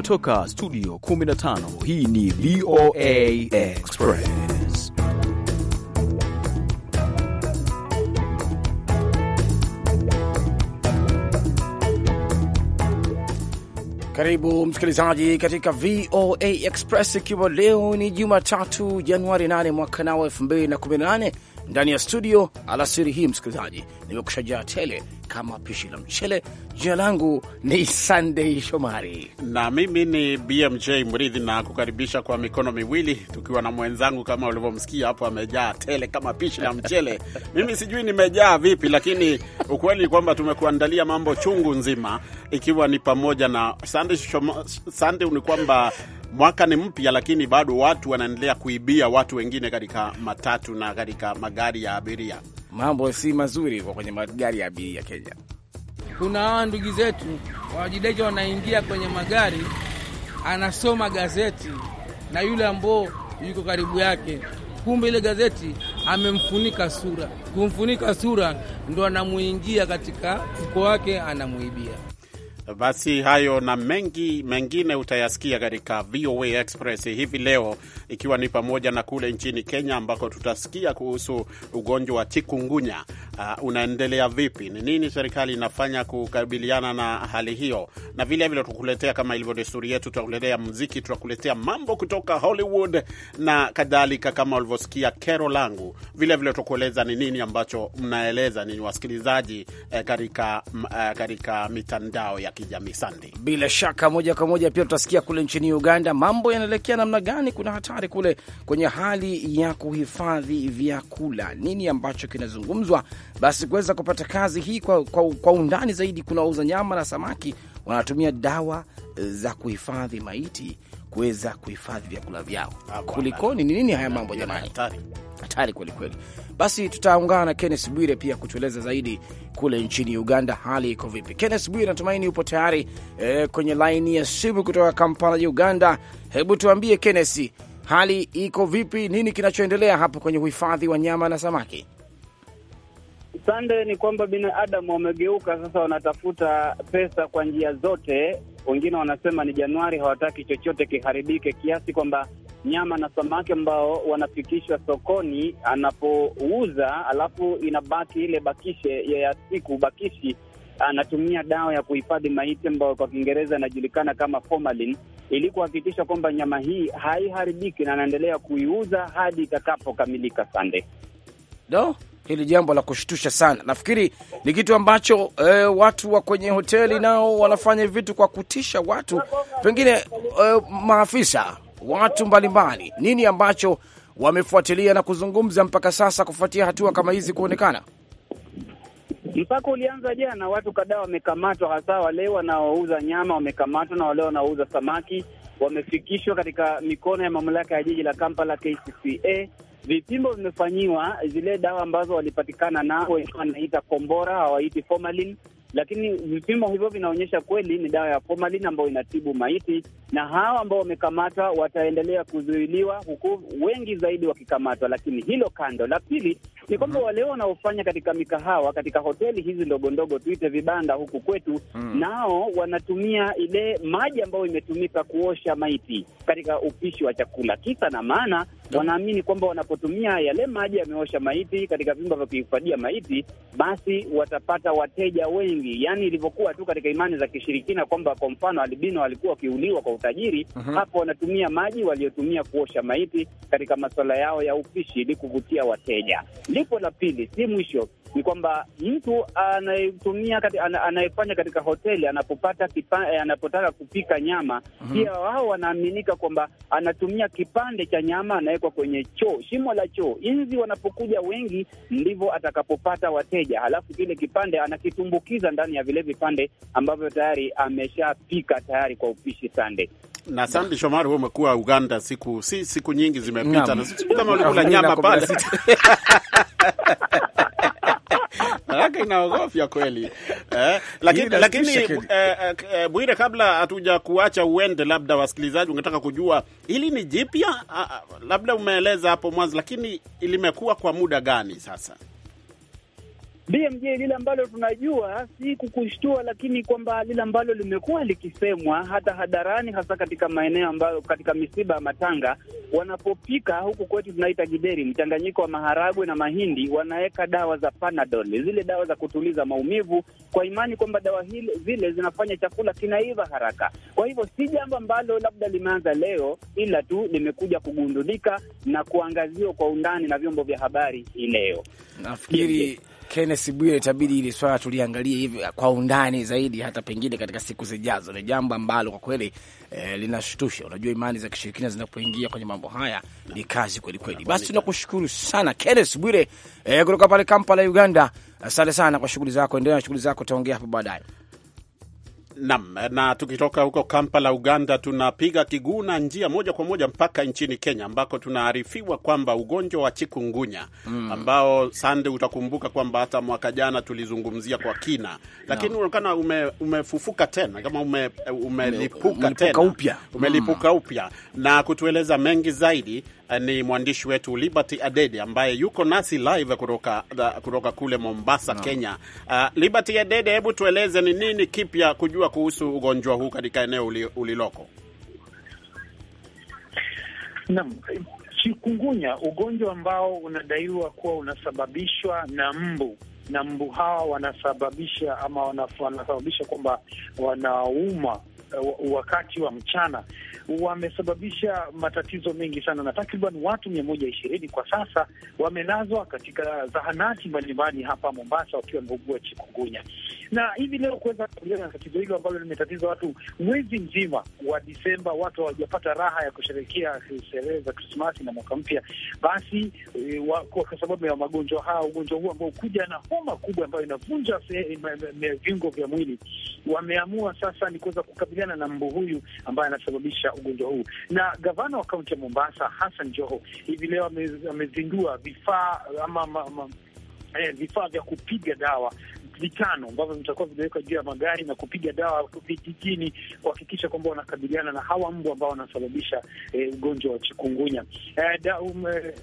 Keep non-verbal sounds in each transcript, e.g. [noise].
kutoka studio 15 hii ni VOA Express. Karibu msikilizaji katika VOA Express, ikiwa leo ni Jumatatu Januari 8 mwaka nao 2018 ndani ya studio alasiri hii. Msikilizaji, nimekushajaa tele kama pishi la mchele. Jina langu ni Sandei Shomari na mimi ni BMJ Mridhi, na kukaribisha kwa mikono miwili tukiwa na mwenzangu, kama ulivyomsikia hapo, amejaa tele kama pishi la mchele. [laughs] Mimi sijui nimejaa vipi, lakini ukweli ni kwamba tumekuandalia mambo chungu nzima, ikiwa ni pamoja na Sunday, ni kwamba mwaka ni mpya, lakini bado watu wanaendelea kuibia watu wengine katika matatu na katika magari ya abiria. Mambo si mazuri kwa kwenye magari ya abiria Kenya. Kuna hawa ndugu zetu wajideja wanaingia kwenye magari, anasoma gazeti na yule ambao yuko karibu yake, kumbe ile gazeti amemfunika sura. Kumfunika sura ndo anamuingia katika mfuko wake, anamuibia basi hayo na mengi mengine utayasikia katika VOA Express hivi leo, ikiwa ni pamoja na kule nchini Kenya ambako tutasikia kuhusu ugonjwa wa chikungunya uh, unaendelea vipi, ni nini serikali inafanya kukabiliana na hali hiyo, na vile vile tukuletea, kama ilivyo desturi yetu, tutakuletea muziki, tutakuletea mambo kutoka Hollywood na kadhalika, kama ulivyosikia kero langu. Vile vile tukueleza ni nini ambacho mnaeleza ni wasikilizaji eh, katika eh, mitandao ya kijamii. Sande, bila shaka moja kwa moja pia tutasikia kule nchini Uganda mambo yanaelekea namna gani, kuna hatari kule kwenye hali ya kuhifadhi vyakula, nini ambacho kinazungumzwa. Basi kuweza kupata kazi hii kwa, kwa, kwa undani zaidi, kuna wauza nyama na samaki wanatumia dawa za kuhifadhi maiti kuweza kuhifadhi vyakula vyao. Ah, Kulikoni? Ni nini haya yaani, mambo jamani? Hatari kweli. Basi tutaungana na Kennes Bwire pia kutueleza zaidi kule nchini Uganda hali iko vipi. Kennes Bwire, natumaini upo tayari e, kwenye laini ya simu kutoka Kampala ya Uganda. Hebu tuambie Kennes, hali iko vipi? Nini kinachoendelea hapo kwenye uhifadhi wa nyama na samaki? Sande, ni kwamba binadamu wamegeuka sasa, wanatafuta pesa kwa njia zote wengine wanasema ni Januari, hawataki chochote kiharibike, kiasi kwamba nyama na samaki ambao wanafikishwa sokoni anapouza, alafu inabaki ile bakishe ya siku bakishi, anatumia dawa ya kuhifadhi maiti ambayo kwa Kiingereza inajulikana kama formalin, ili kuhakikisha kwamba nyama hii haiharibiki, na anaendelea kuiuza hadi itakapokamilika. Sande do hili jambo la kushtusha sana. Nafikiri ni kitu ambacho e, watu wa kwenye hoteli nao wanafanya vitu kwa kutisha watu, pengine e, maafisa, watu mbalimbali. Nini ambacho wamefuatilia na kuzungumza mpaka sasa kufuatia hatua kama hizi kuonekana? Mpaka ulianza jana, watu kadhaa wamekamatwa, hasa wale wanaouza nyama wamekamatwa na wale wanaouza samaki wamefikishwa katika mikono ya mamlaka ya jiji la Kampala KCCA vipimo vimefanyiwa, zile dawa ambazo walipatikana nao, wanaita kombora, hawaiti formalin lakini vipimo hivyo vinaonyesha kweli ni dawa ya formalin ambayo inatibu maiti, na hawa ambao wamekamatwa wataendelea kuzuiliwa, huku wengi zaidi wakikamatwa. Lakini hilo kando. La pili ni kwamba mm -hmm. wale wanaofanya katika mikahawa, katika hoteli hizi ndogo ndogo, tuite vibanda huku kwetu mm -hmm. nao wanatumia ile maji ambayo imetumika kuosha maiti katika upishi wa chakula. Kisa na maana wanaamini kwamba wanapotumia yale maji yameosha maiti katika vyumba vya kuhifadhia maiti, basi watapata wateja wengi wengi, yaani ilivyokuwa tu katika imani za kishirikina kwamba kwa mfano albino walikuwa wakiuliwa kwa utajiri uh mhm. -huh. Hapo wanatumia maji waliotumia kuosha maiti katika masuala yao ya upishi ili kuvutia wateja. Lipo la pili, si mwisho, ni kwamba mtu anayetumia anayefanya katika hoteli anapopata kipa, eh, anapotaka kupika nyama mhm. pia, uh -huh. Wao wanaaminika kwamba anatumia kipande cha nyama anawekwa kwenye choo, shimo la choo. Inzi wanapokuja wengi, ndivyo atakapopata wateja, halafu kile kipande anakitumbukiza kuingiza ndani ya vile vipande ambavyo tayari ameshapika tayari kwa upishi sande na Sandi Shomari, wewe umekuwa Uganda siku si siku nyingi zimepita, na siku kama ulikula nyama pale [laughs] haraka inaogofya kweli eh, lakini lakini eh, eh, Bwire, kabla hatuja kuacha uende, labda wasikilizaji ungetaka kujua hili ni jipya, ah, ah, labda umeeleza hapo mwanzo, lakini limekuwa kwa muda gani sasa? BMJ, lile ambalo tunajua si kukushtua, lakini kwamba lile ambalo limekuwa likisemwa hata hadharani, hasa katika maeneo ambayo katika misiba ya matanga wanapopika, huku kwetu tunaita gideri, mchanganyiko wa maharagwe na mahindi, wanaweka dawa za Panadol, zile dawa za kutuliza maumivu, kwa imani kwamba dawa hile, zile zinafanya chakula kinaiva haraka. Kwa hivyo si jambo ambalo labda limeanza leo, ila tu limekuja kugundulika na kuangaziwa kwa undani na vyombo vya habari hii leo nafikiri Kenneth Bwire, itabidi hili swala tuliangalie hivi kwa undani zaidi, hata pengine katika siku zijazo. Ni jambo ambalo kwa kweli eh, linashtusha. Unajua, imani za kishirikina zinapoingia kwenye mambo haya ni kazi kweli kweli. Basi tunakushukuru sana Kenneth Bwire eh, kutoka pale Kampala, Uganda. Asante sana kwa shughuli zako, endelea na shughuli zako, taongea hapo baadaye. Nam, na tukitoka huko Kampala, Uganda, tunapiga kiguna njia moja kwa moja mpaka nchini Kenya, ambako tunaarifiwa kwamba ugonjwa wa chikungunya mm, ambao Sande utakumbuka kwamba hata mwaka jana tulizungumzia kwa kina, lakini unaonekana ume, umefufuka tena kama ume, umelipuka ume, ume tena upya umelipuka mm. upya mm, na kutueleza mengi zaidi ni mwandishi wetu Liberty Adede ambaye yuko nasi live kutoka kutoka kule Mombasa no. Kenya. Uh, Liberty Adede, hebu tueleze ni nini kipya kujua kuhusu ugonjwa huu katika eneo uliloko? Naam, chikungunya ugonjwa ambao unadaiwa kuwa unasababishwa na mbu na mbu hawa wanasababisha ama wanasababisha kwamba wanauma Eh, wakati wa mchana wamesababisha matatizo mengi sana, na takriban watu mia moja ishirini kwa sasa wamelazwa katika zahanati mbalimbali hapa Mombasa wakiwa wameugua chikungunya na hivi leo kuweza kukabiliana na tatizo hilo ambalo limetatiza watu mwezi mzima wa Disemba, watu hawajapata raha ya kusherehekea sherehe za Krismasi na mwaka mpya, basi eh, kwa sababu ya magonjwa haya, ugonjwa huu ambao kuja na homa kubwa ambayo inavunja eh, viungo vya mwili, wameamua sasa ni kuweza kukabiliana na mbu huyu ambaye anasababisha ugonjwa huu. Na gavana wa kaunti ya Mombasa Hassan Joho hivi leo amezindua vifaa ama ma, ma, eh, vifaa vya kupiga dawa vitano ambavyo vitakuwa vimewekwa juu ya magari na kupiga dawa vijijini kuhakikisha kwamba wanakabiliana na hawa mbu ambao wanasababisha eh, ugonjwa wa chikungunya. Eh, um, eh,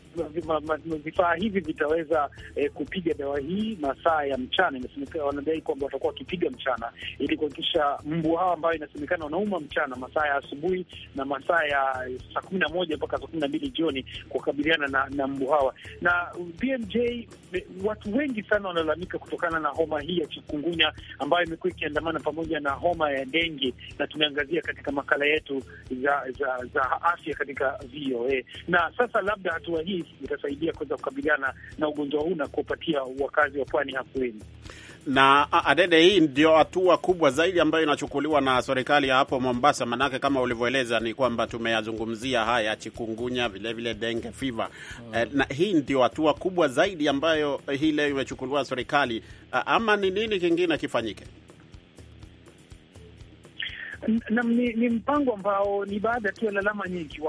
vifaa hivi vitaweza eh, kupiga dawa hii masaa ya mchana. Inasemekana wanadai kwamba watakuwa wakipiga mchana ili kuhakikisha mbu hawa ambayo inasemekana wanauma mchana, masaa ya asubuhi na masaa ya saa kumi na moja mpaka saa kumi na mbili jioni kukabiliana na, na mbu hawa na uh, BMJ eh, watu wengi sana wanalalamika kutokana na homa hii ya chikungunya ambayo imekuwa ikiandamana pamoja na homa ya denge, na tumeangazia katika makala yetu za za, za afya katika VOA. Na sasa labda hatua hii itasaidia kuweza kukabiliana na ugonjwa huu na kuwapatia wakazi wa pwani afueni na Adede, hii ndio hatua kubwa zaidi ambayo inachukuliwa na serikali ya hapo Mombasa, manake kama ulivyoeleza ni kwamba tumeyazungumzia haya chikungunya, vilevile dengue fever E, na hii ndio hatua kubwa zaidi ambayo eh, hii leo imechukuliwa serikali, ama ni nini kingine kifanyike? na, ni, ni mpango ambao ni baada tu ya lalama nyingi.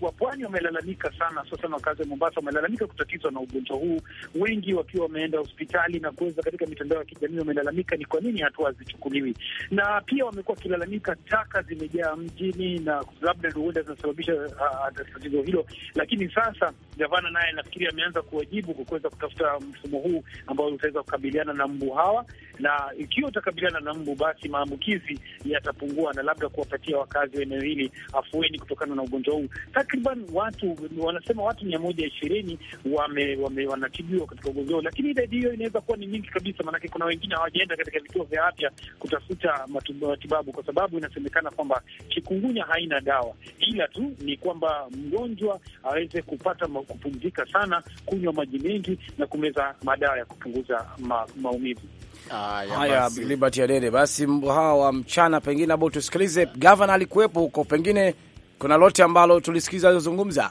Wapwani wamelalamika sana, Sasa makazi ya Mombasa wamelalamika kutatizwa na ugonjwa huu, wengi wakiwa wameenda hospitali na kuweza, katika mitandao ya kijamii wamelalamika ni kwa nini hatua hazichukuliwi, na pia wamekuwa wakilalamika taka zimejaa mjini na labda ndio huenda zinasababisha ah, ah, tatizo hilo. Lakini sasa gavana naye nafikiri ameanza kuwajibu kwa kuweza kutafuta mfumo huu ambao utaweza kukabiliana na mbu hawa, na ikiwa utakabiliana na mbu, basi maambukizi yatapungua kupungua na labda kuwapatia wakazi wa eneo hili afueni kutokana na ugonjwa huu. Takriban watu wanasema watu mia moja ishirini wame, wame, wanatibiwa katika ugonjwa huu, lakini idadi hiyo inaweza kuwa ni nyingi kabisa, maanake kuna wengine hawajaenda katika vituo vya afya kutafuta matibabu, kwa sababu inasemekana kwamba chikungunya haina dawa, ila tu ni kwamba mgonjwa aweze kupata kupumzika sana, kunywa maji mengi na kumeza madawa ya kupunguza ma, maumivu. Haya, Liberty Adede, basi mbo hawa wa mchana, pengine abo tusikilize gavana alikuwepo huko, pengine kuna lote ambalo tulisikiza alizozungumza.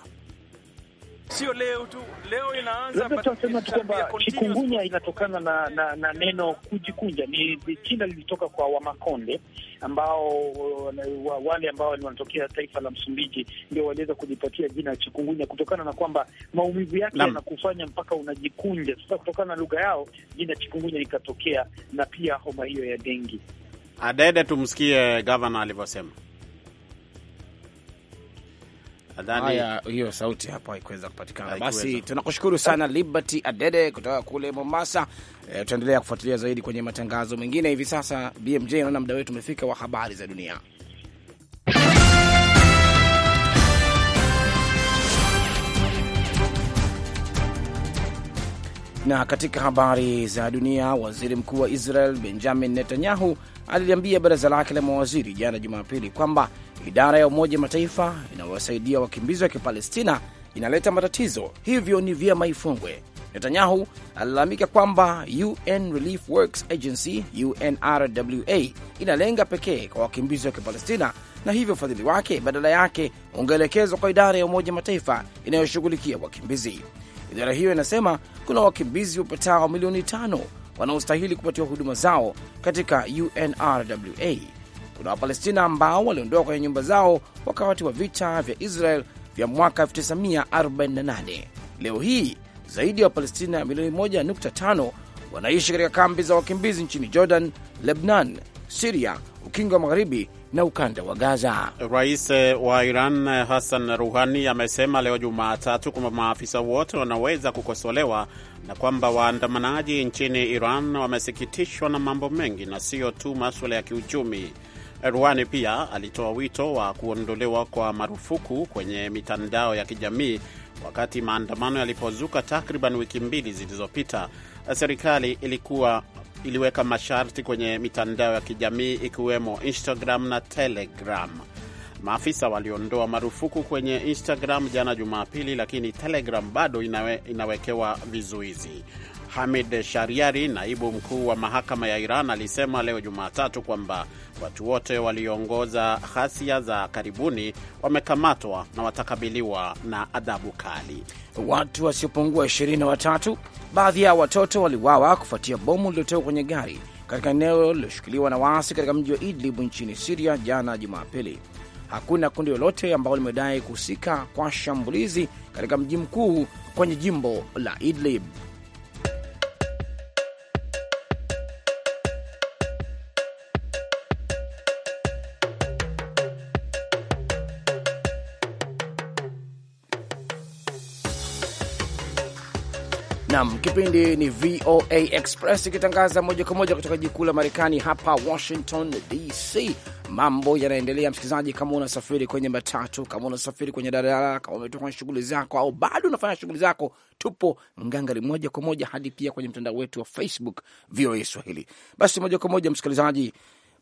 Sio leo tu, leo inaanza. Labda tu kwamba chikungunya inatokana na, na, na neno kujikunja. Ni jina lilitoka kwa Wamakonde ambao wale ambao wanatokea taifa la Msumbiji ndio waliweza kujipatia jina ya chikungunya kutokana na kwamba maumivu yake yanakufanya mpaka unajikunja. Sasa kutokana na lugha yao jina chikungunya ikatokea, na pia homa hiyo ya dengi. Adede, tumsikie gavana alivyosema. Haya, hiyo sauti hapo haikuweza kupatikana. Basi tunakushukuru sana Liberty Adede kutoka kule Mombasa. E, tutaendelea kufuatilia zaidi kwenye matangazo mengine. Hivi sasa BMJ, naona muda wetu umefika wa habari za dunia. Na katika habari za dunia, waziri mkuu wa Israel Benjamin Netanyahu aliliambia baraza lake la mawaziri jana Jumapili kwamba idara ya Umoja Mataifa inayowasaidia wakimbizi wa Kipalestina inaleta matatizo, hivyo ni vyema ifungwe. Netanyahu alilalamika kwamba UN Relief Works Agency UNRWA inalenga pekee kwa wakimbizi wa Kipalestina na hivyo ufadhili wake badala yake ungeelekezwa kwa idara ya Umoja Mataifa inayoshughulikia wakimbizi. Idara hiyo inasema kuna wakimbizi wapatao milioni tano wanaostahili kupatiwa huduma zao katika UNRWA kuna Wapalestina ambao waliondoka kwenye nyumba zao wakati wa vita vya Israel vya mwaka 1948. Leo hii zaidi ya wa Wapalestina milioni 1.5 wanaishi katika kambi za wakimbizi nchini Jordan, Lebanon, Siria, ukingo wa magharibi na ukanda wa Gaza. Rais eh, wa Iran eh, Hassan Ruhani amesema leo Jumatatu kwamba maafisa wote wanaweza kukosolewa na kwamba waandamanaji nchini Iran wamesikitishwa na mambo mengi na siyo tu maswala ya kiuchumi rwani pia alitoa wito wa kuondolewa kwa marufuku kwenye mitandao ya kijamii wakati maandamano yalipozuka takriban wiki mbili zilizopita. Serikali ilikuwa iliweka masharti kwenye mitandao ya kijamii ikiwemo Instagram na Telegram. Maafisa waliondoa marufuku kwenye Instagram jana Jumapili, lakini Telegram bado inawe, inawekewa vizuizi. Hamid Shariari, naibu mkuu wa mahakama ya Iran, alisema leo Jumatatu kwamba watu wote walioongoza ghasia za karibuni wamekamatwa na watakabiliwa na adhabu kali. Watu wasiopungua ishirini na watatu, baadhi yao watoto, waliwawa kufuatia bomu lililotoka kwenye gari katika eneo lililoshikiliwa na waasi katika mji wa Idlib nchini Siria jana Jumapili. Hakuna kundi lolote ambalo limedai kuhusika kwa shambulizi katika mji mkuu kwenye jimbo la Idlib. Nam, kipindi ni VOA Express ikitangaza moja kwa moja kutoka jiji kuu la Marekani hapa Washington DC. Mambo yanaendelea, msikilizaji, kama unasafiri kwenye matatu, kama unasafiri kwenye daladala, kama umetoka kwenye shughuli zako au bado unafanya shughuli zako, tupo mgangari moja kwa moja hadi pia kwenye mtandao wetu wa Facebook VOA Swahili. Basi moja kwa moja, msikilizaji,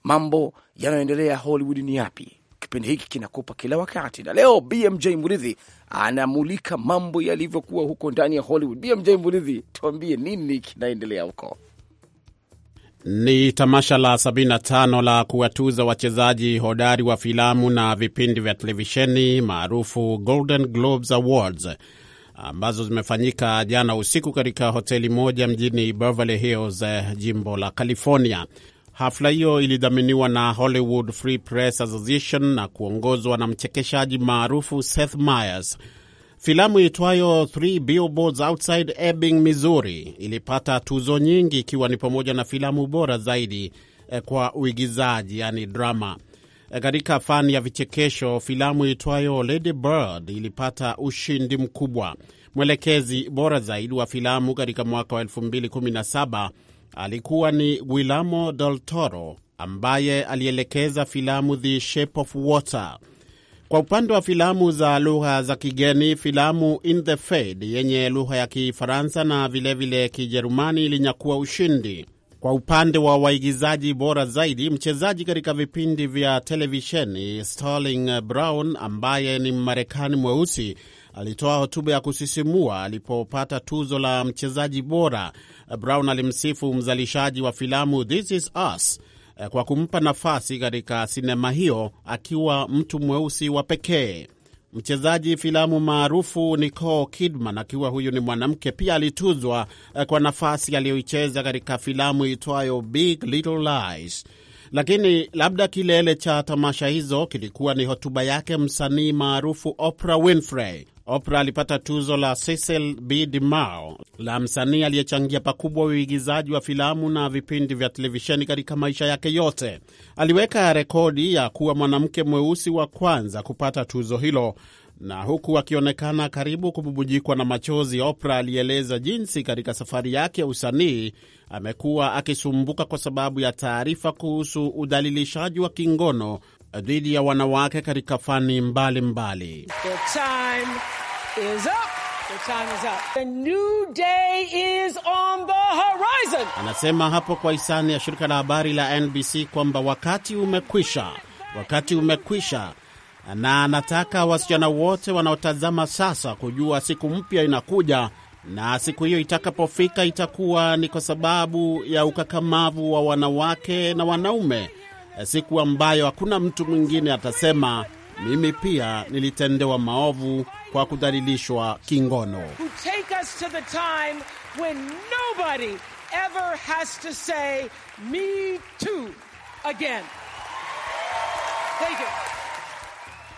mambo yanayoendelea Hollywood ni yapi? kipindi hiki kinakupa kila wakati, na leo BMJ Mridhi anamulika mambo yalivyokuwa huko ndani ya Hollywood. BMJ Mridhi, tuambie nini kinaendelea huko? Ni tamasha la 75 la kuwatuza wachezaji hodari wa filamu na vipindi vya televisheni maarufu Golden Globes Awards ambazo zimefanyika jana usiku katika hoteli moja mjini Beverly Hills, eh, jimbo la California. Hafla hiyo ilidhaminiwa na Hollywood Free Press Association na kuongozwa na mchekeshaji maarufu Seth Meyers. Filamu itwayo Three Billboards Outside Ebbing, Missouri ilipata tuzo nyingi ikiwa ni pamoja na filamu bora zaidi eh, kwa uigizaji, yani drama. Eh, katika fani ya vichekesho, filamu itwayo Lady Bird ilipata ushindi mkubwa. Mwelekezi bora zaidi wa filamu katika mwaka wa 2017 alikuwa ni Guillermo del Toro ambaye alielekeza filamu The Shape of Water. Kwa upande wa filamu za lugha za kigeni, filamu In the Fade yenye lugha ya Kifaransa na vilevile Kijerumani ilinyakua ushindi. Kwa upande wa waigizaji bora zaidi, mchezaji katika vipindi vya televisheni Sterling Brown ambaye ni Mmarekani mweusi alitoa hotuba ya kusisimua alipopata tuzo la mchezaji bora. Brown alimsifu mzalishaji wa filamu This Is Us eh, kwa kumpa nafasi katika sinema hiyo akiwa mtu mweusi wa pekee. Mchezaji filamu maarufu Nicole Kidman, akiwa huyu ni mwanamke, pia alituzwa eh, kwa nafasi aliyoicheza katika filamu itwayo Big Little Lies. Lakini labda kilele cha tamasha hizo kilikuwa ni hotuba yake msanii maarufu Oprah Winfrey Oprah alipata tuzo la Cecil B. DeMille la msanii aliyechangia pakubwa uigizaji wa filamu na vipindi vya televisheni katika maisha yake yote. Aliweka rekodi ya kuwa mwanamke mweusi wa kwanza kupata tuzo hilo, na huku akionekana karibu kububujikwa na machozi, Oprah alieleza jinsi katika safari yake ya usanii amekuwa akisumbuka kwa sababu ya taarifa kuhusu udhalilishaji wa kingono dhidi ya wanawake katika fani mbalimbali. Anasema hapo kwa hisani ya shirika la habari la NBC kwamba wakati umekwisha, wakati umekwisha, na anataka wasichana wote wanaotazama sasa kujua siku mpya inakuja na siku hiyo itakapofika itakuwa ni kwa sababu ya ukakamavu wa wanawake na wanaume Eh, siku ambayo hakuna mtu mwingine atasema mimi pia nilitendewa maovu kwa kudhalilishwa kingono.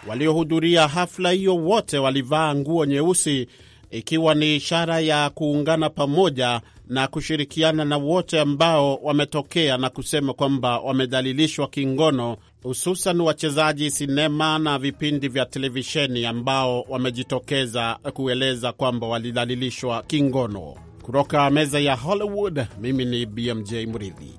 Waliohudhuria hafla hiyo wote walivaa nguo nyeusi, ikiwa ni ishara ya kuungana pamoja na kushirikiana na wote ambao wametokea na kusema kwamba wamedhalilishwa kingono, hususan wachezaji sinema na vipindi vya televisheni ambao wamejitokeza kueleza kwamba walidhalilishwa kingono. Kutoka meza ya Hollywood, mimi ni BMJ Mridhi.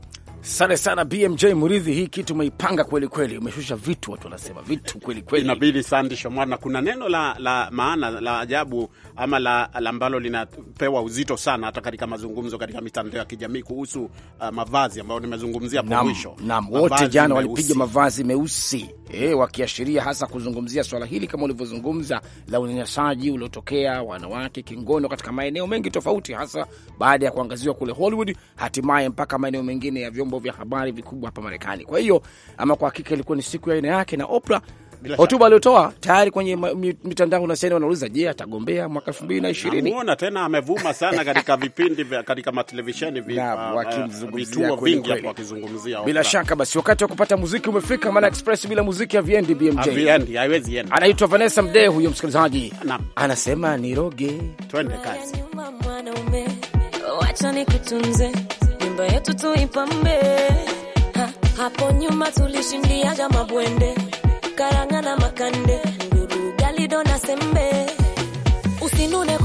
Asante sana BMJ mridhi hii kitu umeipanga kweli kweli, umeshusha vitu, watu wanasema vitu kweli kweli. Inabidi sandi Shomari, na kuna neno la, la maana la ajabu ama la ambalo linapewa uzito sana hata katika mazungumzo katika mitandao ya kijamii kuhusu uh, mavazi ambayo nimezungumzia hapo mwisho. Naam, wote jana walipiga mavazi meusi e, wakiashiria hasa kuzungumzia swala hili kama ulivyozungumza la unyanyasaji uliotokea wanawake kingono katika maeneo mengi tofauti, hasa baada ya kuangaziwa kule Hollywood, hatimaye mpaka maeneo mengine ya vyombo vyombo vya habari vikubwa hapa Marekani. Kwa hiyo ama kwa hakika ilikuwa ni siku ya aina yake, na Oprah hotuba aliyotoa tayari kwenye mitandao na sasa wanauliza, je, atagombea mwaka 2020? Muona tena amevuma sana katika vipindi vya katika matelevisheni uh, vituo vingi hapo akizungumzia. Bila shaka basi wakati wa kupata muziki umefika, maana express bila muziki haviendi BMJ. Haviendi, haiwezi enda. Anaitwa Vanessa Mdee huyo msikilizaji. Anasema niroge. Twende kazi. Wacha nikutunze nyumba yetu tuipambe. Ha, hapo nyuma tulishindiaga mabwende, karanga na makande, nduru, galido na sembe. Usinune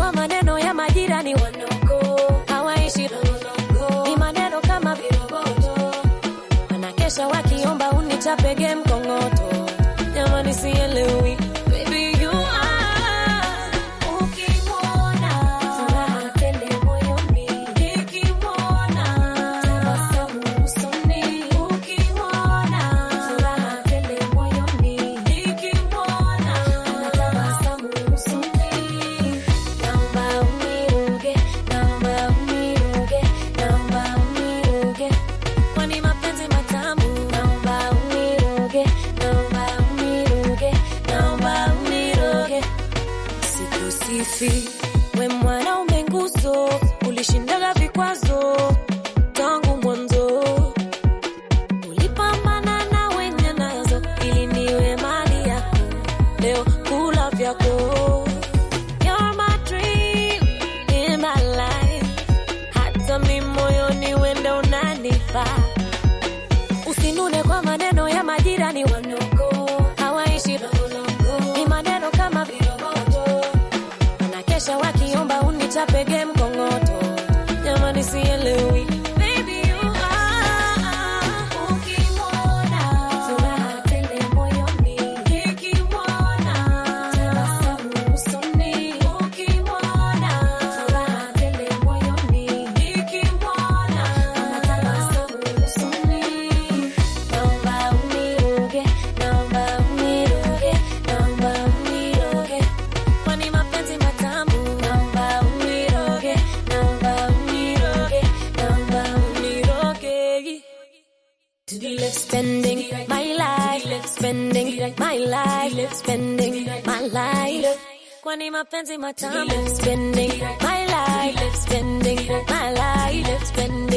my time, spending my life spending my life spending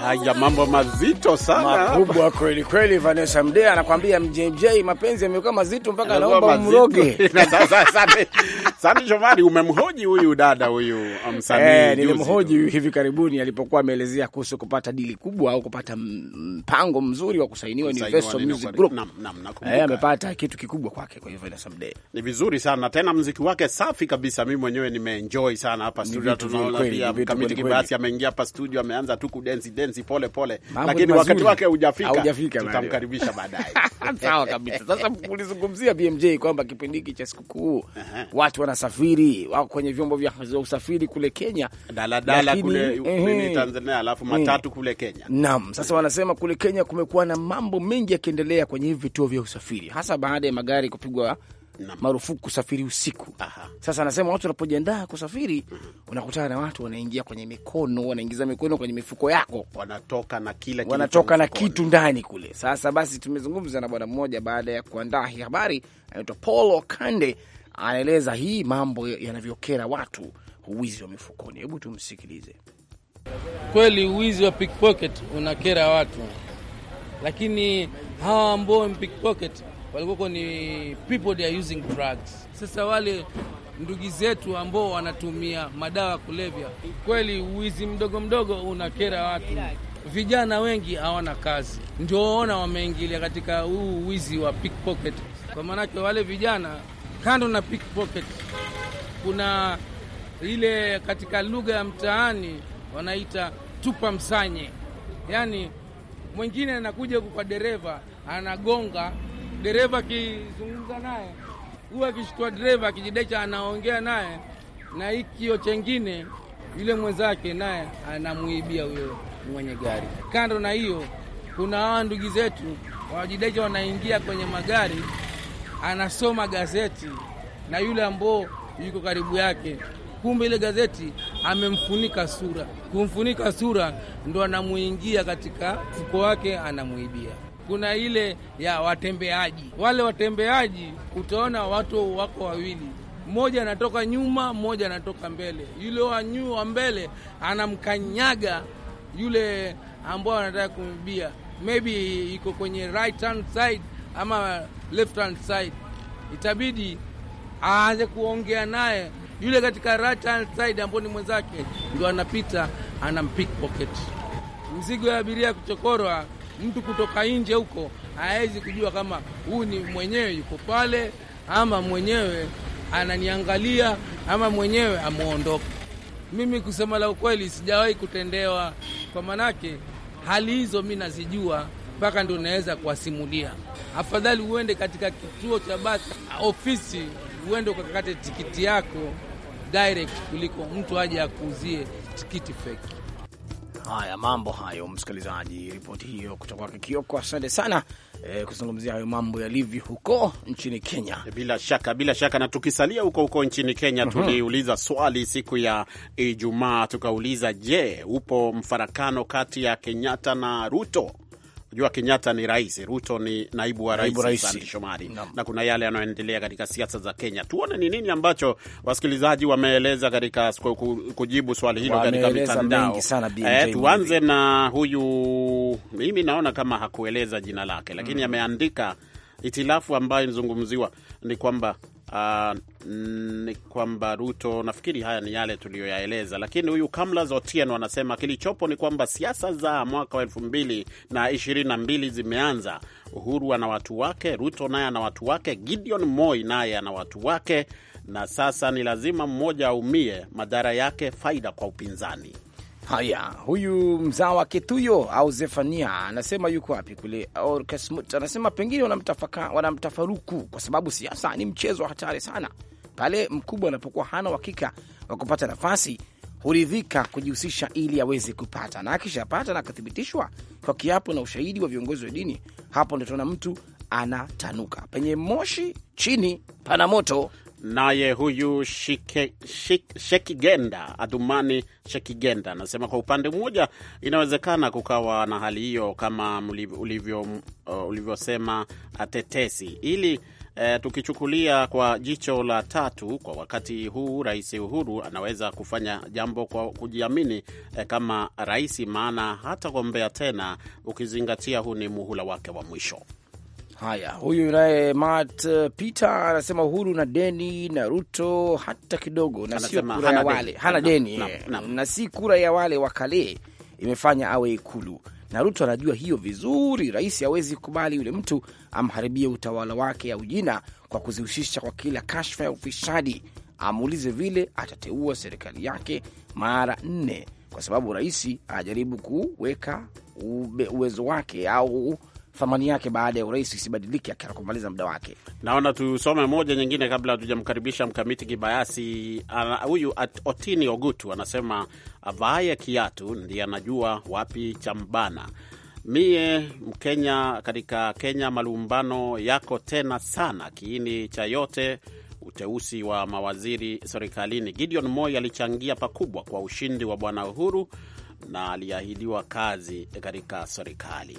Haya, mambo mazito sana makubwa kweli kweli. Vanessa Mdee anakwambia mjj, mapenzi yamekuwa mazito mpaka anaomba umroge. [laughs] Sasa Jomari, umemhoji huyu dada huyu msanii? Um, eh, nilimhoji hivi karibuni alipokuwa ameelezea kuhusu kupata dili kubwa au kupata mpango mzuri wa kusainiwa Universal Music Group. Eh, amepata kitu kikubwa kwake. Kwa hivyo Vanessa Mdee ni vizuri sana tena, mziki wake safi kabisa. Mimi mwenyewe nimeenjoy sana hapa studio, tunaona pia Kamiti Kibasi ameingia hapa studio, ameanza tu kudensi densi pole pole, lakini wakati wake hujafika, tutamkaribisha baadaye. [laughs] Sawa kabisa. Sasa ulizungumzia BMJ kwamba kipindi hiki cha sikukuu watu wanasafiri, wako kwenye vyombo vya usafiri kule Kenya, daladala kule nchini Tanzania, alafu mm. matatu kule Kenya. Naam, sasa wanasema kule Kenya kumekuwa na mambo mengi yakiendelea kwenye hivi vituo vya usafiri, hasa baada ya magari kupigwa marufuku kusafiri usiku. Aha. Sasa anasema watu wanapojiandaa kusafiri, mm unakutana na watu wanaingia kwenye mikono, wanaingiza mikono kwenye mifuko yako, wanatoka na kila kitu, wanatoka na kitu ndani kule. Sasa basi, tumezungumza na bwana mmoja baada ya kuandaa hii habari, anaitwa Paul Okande, anaeleza hii mambo yanavyokera watu, uwizi wa mifukoni. Hebu tumsikilize. Kweli uwizi wa pickpocket unakera watu, lakini hawa ambao pickpocket walikuwako ni people they are using drugs. Sasa wale ndugu zetu ambao wanatumia madawa kulevya, kweli uwizi mdogo mdogo unakera watu. Vijana wengi hawana kazi, ndio waona wameingilia katika huu wizi wa pickpocket. Kwa maanake wale vijana, kando na pickpocket, kuna ile katika lugha ya mtaani wanaita tupa msanye, yaani mwingine anakuja huku kwa dereva anagonga dereva akizungumza naye huwa akishtua dereva akijidecha, anaongea naye na ikio chengine yule mwenzake naye anamwibia huyo mwenye gari. Kando na hiyo, kuna hawa ndugu zetu wajidecha wanaingia kwenye magari, anasoma gazeti na yule ambao yuko karibu yake, kumbe ile gazeti amemfunika sura. Kumfunika sura ndo anamuingia katika mfuko wake, anamwibia kuna ile ya watembeaji. Wale watembeaji utaona watu wako wawili, mmoja anatoka nyuma, mmoja anatoka mbele. Yule wa nyuma wa mbele anamkanyaga yule ambao anataka kumbia, maybe iko kwenye right hand side ama left hand side, itabidi aanze kuongea naye yule katika right hand side ambao ni mwenzake, ndio anapita ana mzigo ya abiria kuchokorwa Mtu kutoka nje huko hawezi kujua kama huyu ni mwenyewe yuko pale ama mwenyewe ananiangalia ama mwenyewe ameondoka Mimi kusema la ukweli, sijawahi kutendewa, kwa manake hali hizo mi nazijua mpaka ndo naweza kuwasimulia. Afadhali uende katika kituo cha basi, ofisi, uende ukakate tikiti yako direct kuliko mtu aje akuuzie tikiti feki. Haya, mambo hayo, msikilizaji, ripoti hiyo kutoka kwake Kioko. Asante sana e, kuzungumzia hayo mambo yalivyo huko nchini Kenya. Bila shaka, bila shaka. Na tukisalia huko huko nchini Kenya, mm -hmm. tuliuliza swali siku ya Ijumaa, tukauliza je, upo mfarakano kati ya Kenyatta na Ruto jua Kenyatta ni rais, Ruto ni naibu wa rais, rais. Sandi Shomari no. na kuna yale yanayoendelea katika siasa za Kenya. Tuone ni nini ambacho wasikilizaji wameeleza katika kujibu swali hilo katika mitandao e, tuanze na huyu, mimi naona kama hakueleza jina lake, lakini mm. ameandika hitilafu ambayo inazungumziwa ni kwamba uh, ni kwamba Ruto, nafikiri haya ni yale tuliyoyaeleza, lakini huyu Kamla Zotien wanasema kilichopo ni kwamba siasa za mwaka wa elfu mbili na ishirini na mbili zimeanza. Uhuru ana watu wake, Ruto naye ana watu wake, Gideon Moi naye ana watu wake, na sasa ni lazima mmoja aumie, madhara yake faida kwa upinzani. Haya, huyu mzao wa Kituyo au Zefania anasema yuko wapi kule Orkesmut? Anasema pengine wanamtafaruku kwa sababu siasa ni mchezo hatari sana. Pale mkubwa anapokuwa hana uhakika wa kupata nafasi, huridhika kujihusisha ili aweze kupata, na akishapata na akathibitishwa kwa kiapo na ushahidi wa viongozi wa dini, hapo ndio tunaona mtu anatanuka. Penye moshi chini pana moto. Naye huyu shike, shik, Shekigenda Adhumani Shekigenda anasema kwa upande mmoja inawezekana kukawa na hali hiyo kama uh, ulivyosema, uh, ulivyo tetesi ili E, tukichukulia kwa jicho la tatu, kwa wakati huu Rais Uhuru anaweza kufanya jambo kwa kujiamini e, kama rais, maana hatagombea tena, ukizingatia huu ni muhula wake wa mwisho. Haya, huyu naye Mat uh, Peter anasema uhuru na deni na Ruto hata kidogo, na sio kura ya wale hana deni eh, na, si kura ya wale wakale imefanya awe Ikulu na Ruto anajua hiyo vizuri. Rais hawezi kubali yule mtu amharibie utawala wake au jina kwa kuzihusisha kwa kila kashfa ya ufisadi. Amuulize vile atateua serikali yake mara nne, kwa sababu rais anajaribu kuweka uwezo wake au thamani yake baada ya urais isibadilike kumaliza muda wake. Naona tusome moja nyingine kabla hatujamkaribisha mkamiti kibayasi. Huyu Otini Ogutu anasema avaaye kiatu ndiye anajua wapi cha mbana. Mie Mkenya katika Kenya, malumbano yako tena sana. Kiini cha yote uteusi wa mawaziri serikalini. Gideon Moi alichangia pakubwa kwa ushindi wa Bwana Uhuru na aliahidiwa kazi katika serikali.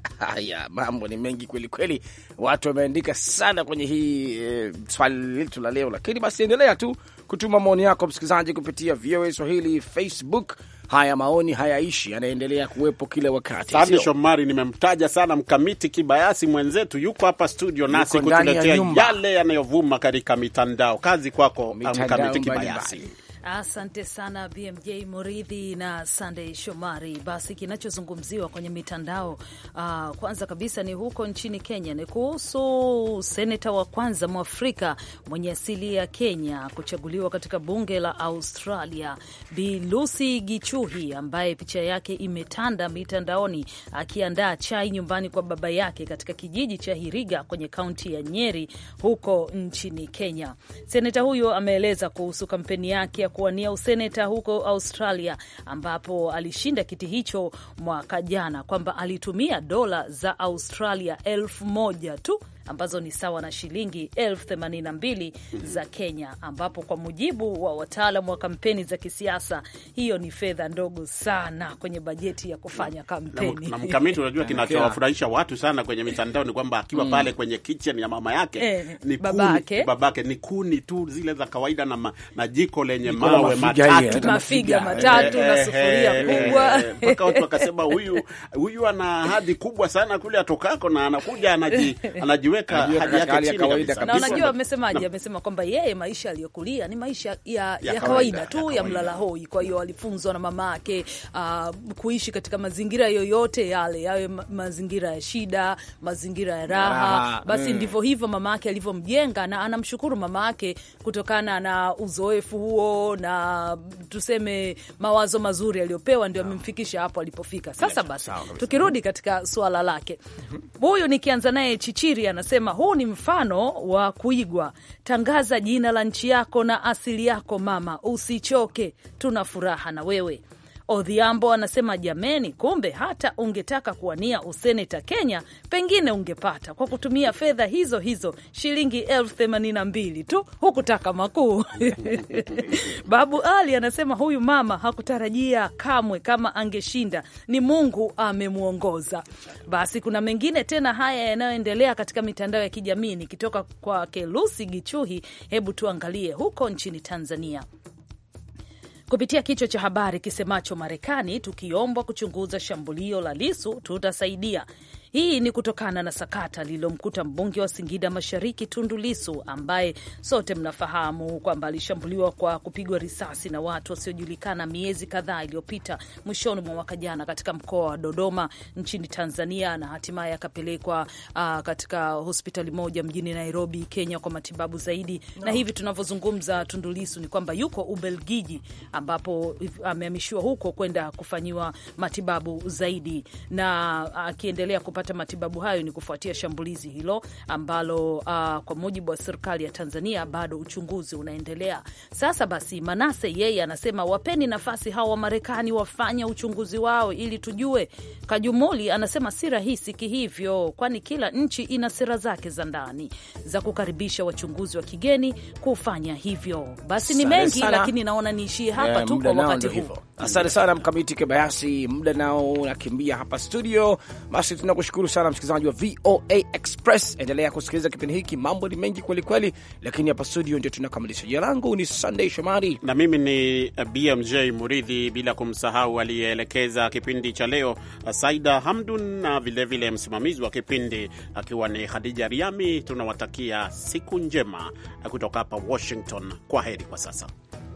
[laughs] Haya, mambo ni mengi kweli kweli, watu wameandika sana kwenye hii e, swali letu la leo, lakini basi endelea tu kutuma maoni yako msikilizaji kupitia VOA Swahili Facebook. Haya maoni hayaishi, yanaendelea kuwepo kila wakati. Sande Shomari, nimemtaja sana mkamiti kibayasi mwenzetu, yuko hapa studio nasi kutuletea yale yanayovuma katika mitandao. Kazi kwako mkamiti kibayasi mbali mbali. Asante sana BMJ Muridhi na Sandey Shomari. Basi kinachozungumziwa kwenye mitandao uh, kwanza kabisa ni huko nchini Kenya, ni kuhusu seneta wa kwanza mwafrika mwenye asili ya Kenya kuchaguliwa katika bunge la Australia, Bi Lucy Gichuhi, ambaye picha yake imetanda mitandaoni akiandaa chai nyumbani kwa baba yake katika kijiji cha Hiriga kwenye kaunti ya Nyeri huko nchini Kenya. Seneta huyo ameeleza kuhusu kampeni yake ya kuwania useneta huko Australia, ambapo alishinda kiti hicho mwaka jana, kwamba alitumia dola za Australia elfu moja tu ambazo ni sawa na shilingi elfu themanini na mbili za Kenya, ambapo kwa mujibu wa wataalam wa kampeni za kisiasa hiyo ni fedha ndogo sana kwenye bajeti ya kufanya kampeni. Na mkamiti, unajua kinachowafurahisha watu sana kwenye mitandao ni kwamba akiwa mm. pale kwenye kitchen ya mama yake eh, ni babake, babake ni kuni tu zile za kawaida na, ma, na jiko lenye mawe matatu mafiga matatu eh, na eh, sufuria eh, eh kubwa eh, mpaka watu wakasema huyu huyu ana hadhi kubwa sana kule atokako na anakuja anaji, anaji [laughs] amejiweka hali yake chini kabisa. Na unajua amesemaje? Amesema kwamba yeye maisha aliyokulia ni maisha ya, ya kawaida tu ya mlala hoi. Kwa hiyo alifunzwa na mama yake uh, kuishi katika mazingira yoyote yale, yawe mazingira ya shida, mazingira ya raha, basi mm, ndivyo hivyo mama yake alivyomjenga, na anamshukuru mama yake kutokana na uzoefu huo na tuseme mawazo mazuri aliyopewa, ndio amemfikisha hapo alipofika. Sasa basi tukirudi katika suala lake mhm. huyu, nikianza naye Chichiri ana anasema huu ni mfano wa kuigwa. Tangaza jina la nchi yako na asili yako mama, usichoke, tuna furaha na wewe. Odhiambo anasema jameni, kumbe hata ungetaka kuwania useneta Kenya pengine ungepata kwa kutumia fedha hizo hizo shilingi elfu themanini na mbili tu, hukutaka makuu. [laughs] Babu Ali anasema huyu mama hakutarajia kamwe, kama angeshinda ni Mungu amemwongoza. Basi kuna mengine tena haya yanayoendelea katika mitandao ya kijamii, nikitoka kwake Lusi Gichuhi. Hebu tuangalie huko nchini Tanzania kupitia kichwa cha habari kisemacho Marekani tukiombwa kuchunguza shambulio la Lisu tutasaidia. Hii ni kutokana na sakata lililomkuta mbunge wa Singida Mashariki Tundu Lissu, ambaye sote mnafahamu kwamba alishambuliwa kwa kupigwa risasi na watu wasiojulikana miezi kadhaa iliyopita mwishoni mwa mwaka jana katika mkoa wa Dodoma nchini Tanzania, na hatimaye akapelekwa uh, katika hospitali moja mjini Nairobi, Kenya kwa matibabu zaidi no. Na hivi tunavyozungumza Tundu Lissu ni kwamba yuko Ubelgiji ambapo amehamishiwa huko kwenda kufanyiwa matibabu zaidi na akiendelea uh, kupata matibabu hayo ni kufuatia shambulizi hilo ambalo, uh, kwa mujibu wa serikali ya Tanzania bado uchunguzi unaendelea. Sasa basi, Manase yeye anasema wapeni nafasi hawa Wamarekani wafanya uchunguzi wao ili tujue. Kajumuli anasema si rahisi kihivyo, kwani kila nchi ina sera zake za ndani za kukaribisha wachunguzi wa kigeni kufanya hivyo. Basi ni mengi, sana, lakini naona niishie eh, hapa yeah, tu kwa wakati huu. Asante sana Mkamiti Kibayasi, muda nao unakimbia hapa studio. Basi tunakush kushukuru sana msikilizaji wa VOA Express. Endelea kusikiliza kipindi hiki, mambo ni mengi kwelikweli, lakini hapa studio ndio tunakamilisha. Jina langu ni Sunday Shomari na mimi ni BMJ Muridhi, bila kumsahau aliyeelekeza kipindi cha leo Saida Hamdun na vilevile msimamizi wa kipindi akiwa ni Khadija Riami. Tunawatakia siku njema kutoka hapa Washington. Kwa heri kwa sasa.